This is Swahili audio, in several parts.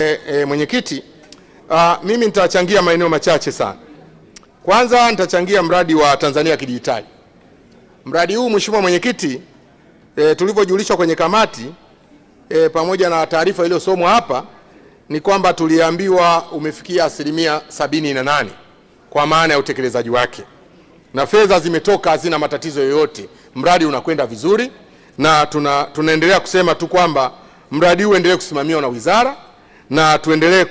E, e, mwenyekiti, ah, mimi nitachangia maeneo machache sana. Kwanza nitachangia mradi wa Tanzania kidijitali. Mradi huu mheshimiwa mwenyekiti, e, tulivyojulishwa kwenye kamati e, pamoja na taarifa iliyosomwa hapa ni kwamba tuliambiwa umefikia asilimia sabini na nane kwa maana ya utekelezaji wake, na fedha zimetoka, hazina matatizo yoyote. Mradi unakwenda vizuri, na tuna, tunaendelea kusema tu kwamba mradi huu endelee kusimamiwa na wizara na tuendelee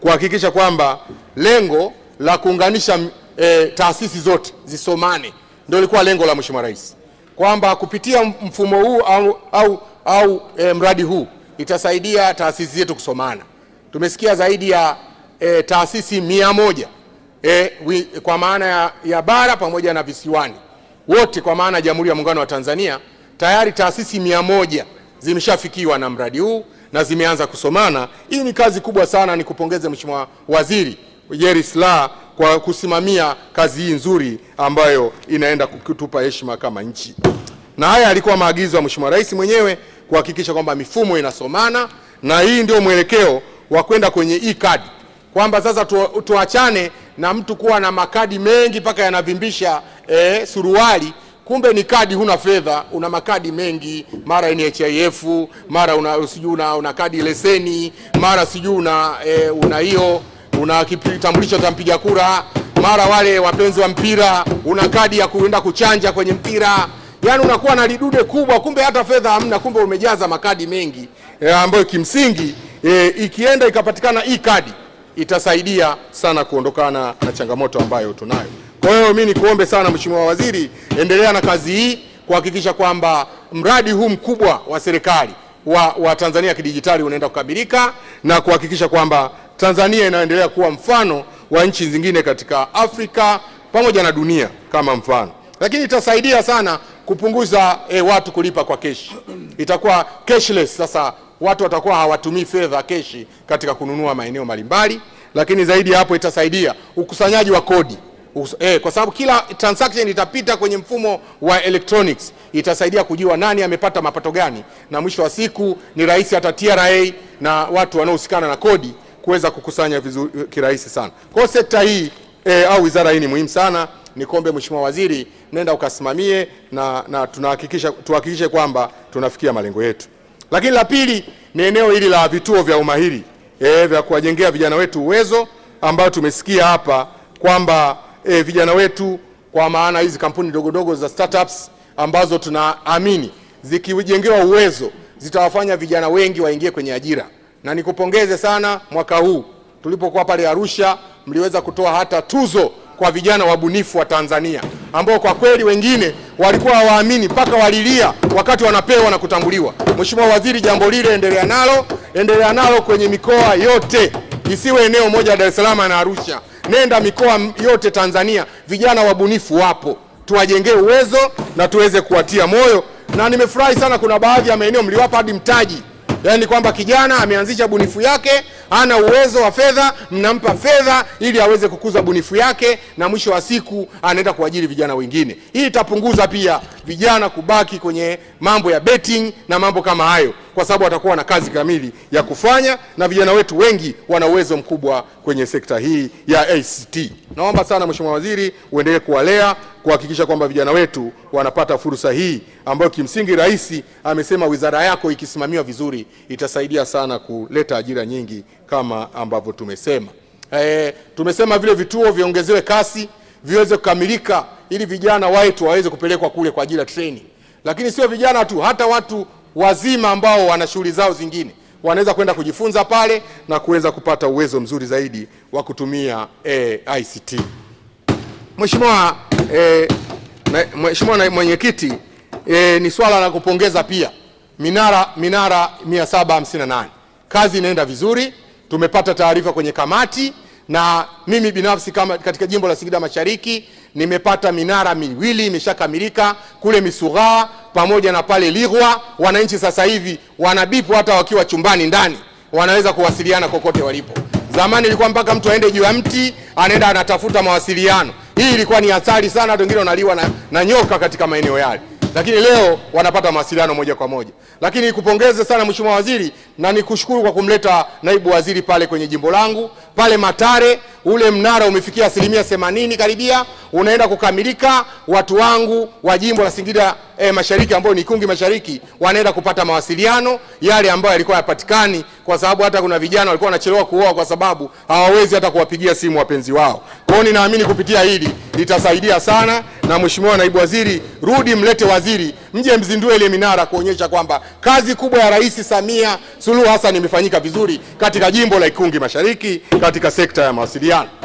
kuhakikisha kwamba lengo la kuunganisha e, taasisi zote zisomane ndio lilikuwa lengo la Mheshimiwa Rais, kwamba kupitia mfumo huu au, au, au e, mradi huu itasaidia taasisi zetu kusomana. Tumesikia zaidi ya e, taasisi mia moja e, wi, kwa maana ya, ya bara pamoja na visiwani wote kwa maana ya Jamhuri ya Muungano wa Tanzania, tayari taasisi mia moja zimeshafikiwa na mradi huu na zimeanza kusomana. Hii ni kazi kubwa sana, ni kupongeze Mheshimiwa Waziri Jerry Silaa kwa kusimamia kazi hii nzuri ambayo inaenda kutupa heshima kama nchi, na haya alikuwa maagizo ya Mheshimiwa Rais mwenyewe kuhakikisha kwamba mifumo inasomana, na hii ndio mwelekeo wa kwenda kwenye e-card kwamba sasa tuachane na mtu kuwa na makadi mengi mpaka yanavimbisha eh, suruali kumbe ni kadi, huna fedha, una makadi mengi, mara NHIF, mara una sijui una, una kadi leseni, mara sijui una e, una hiyo una kitambulisho cha mpiga kura, mara wale wapenzi wa mpira, una kadi ya kuenda kuchanja kwenye mpira, yani unakuwa na lidude kubwa, kumbe hata fedha hamna, kumbe umejaza makadi mengi e, ambayo kimsingi e, ikienda ikapatikana hii kadi itasaidia sana kuondokana na changamoto ambayo tunayo. Kwa hiyo mimi nikuombe sana Mheshimiwa Waziri, endelea na kazi hii kuhakikisha kwamba mradi huu mkubwa wa serikali wa, wa Tanzania kidijitali unaenda kukamilika na kuhakikisha kwamba Tanzania inaendelea kuwa mfano wa nchi zingine katika Afrika pamoja na dunia kama mfano, lakini itasaidia sana kupunguza eh, watu kulipa kwa keshi, itakuwa cashless. Sasa watu watakuwa hawatumii fedha keshi katika kununua maeneo mbalimbali, lakini zaidi ya hapo itasaidia ukusanyaji wa kodi eh, kwa sababu kila transaction itapita kwenye mfumo wa electronics, itasaidia kujua nani amepata mapato gani, na mwisho wa siku ni rahisi hata TRA na watu wanaohusikana na kodi kuweza kukusanya vizuri eh, kirahisi sana. Kwa sekta hii eh, au wizara hii ni muhimu sana. Nikombe Mheshimiwa Waziri, nenda ukasimamie na, na tunahakikisha tuhakikishe kwamba tunafikia malengo yetu. Lakini la pili ni eneo hili la vituo vya umahiri eh, vya kuwajengea vijana wetu uwezo ambayo tumesikia hapa kwamba e, vijana wetu kwa maana hizi kampuni ndogondogo za startups ambazo tunaamini zikijengewa uwezo zitawafanya vijana wengi waingie kwenye ajira. Na nikupongeze sana, mwaka huu tulipokuwa pale Arusha mliweza kutoa hata tuzo kwa vijana wabunifu wa Tanzania ambao kwa kweli wengine walikuwa hawaamini mpaka walilia wakati wanapewa na kutambuliwa. Mheshimiwa Waziri, jambo lile endelea nalo, endelea nalo kwenye mikoa yote, isiwe eneo moja Dar es Salaam na Arusha nenda mikoa yote Tanzania, vijana wabunifu wapo, tuwajengee uwezo na tuweze kuwatia moyo. Na nimefurahi sana, kuna baadhi ya maeneo mliwapa hadi mtaji, yaani kwamba kijana ameanzisha bunifu yake, ana uwezo wa fedha, mnampa fedha ili aweze kukuza bunifu yake, na mwisho wa siku anaenda kuajiri vijana wengine. Hii itapunguza pia vijana kubaki kwenye mambo ya betting na mambo kama hayo kwa sababu watakuwa na kazi kamili ya kufanya, na vijana wetu wengi wana uwezo mkubwa kwenye sekta hii ya ACT. Naomba sana Mheshimiwa Waziri uendelee kuwalea kuhakikisha kwamba vijana wetu wanapata fursa hii ambayo kimsingi rais amesema wizara yako ikisimamiwa vizuri itasaidia sana kuleta ajira nyingi kama ambavyo tumesema. E, tumesema vile vituo viongezewe kasi viweze kukamilika ili vijana wetu waweze kupelekwa kule kwa ajili ya training, lakini sio vijana tu, hata watu wazima ambao wana shughuli zao zingine wanaweza kwenda kujifunza pale na kuweza kupata uwezo mzuri zaidi wa kutumia e, eh, ICT. Mheshimiwa e, Mheshimiwa mwenyekiti e, ni swala la kupongeza pia minara minara 758 kazi inaenda vizuri, tumepata taarifa kwenye kamati na mimi binafsi kama katika jimbo la Singida Mashariki nimepata minara miwili imeshakamilika kule Misughaa pamoja na pale Ligwa. Wananchi sasa hivi wanabipu hata wakiwa chumbani ndani, wanaweza kuwasiliana kokote walipo. Zamani ilikuwa mpaka mtu aende juu ya mti, anaenda anatafuta mawasiliano. Hii ilikuwa ni hatari sana, hata wengine wanaliwa na, na nyoka katika maeneo yale, lakini leo wanapata mawasiliano moja kwa moja. Lakini nikupongeze sana Mheshimiwa Waziri na nikushukuru kwa kumleta naibu waziri pale kwenye jimbo langu pale Matare ule mnara umefikia asilimia themanini karibia, unaenda kukamilika. Watu wangu wa jimbo la Singida eh, Mashariki, ambao ni Ikungi Mashariki, wanaenda kupata mawasiliano yale ambayo yalikuwa yapatikani kwa sababu hata kuna vijana walikuwa wanachelewa kuoa kwa sababu hawawezi hata kuwapigia simu wapenzi wao. Kwa hiyo ninaamini kupitia hili litasaidia sana, na Mheshimiwa Naibu Waziri, rudi mlete waziri, mje mzindue ile minara kuonyesha kwamba kazi kubwa ya Rais Samia Suluhu Hassan imefanyika vizuri katika jimbo la Ikungi Mashariki katika sekta ya mawasiliano.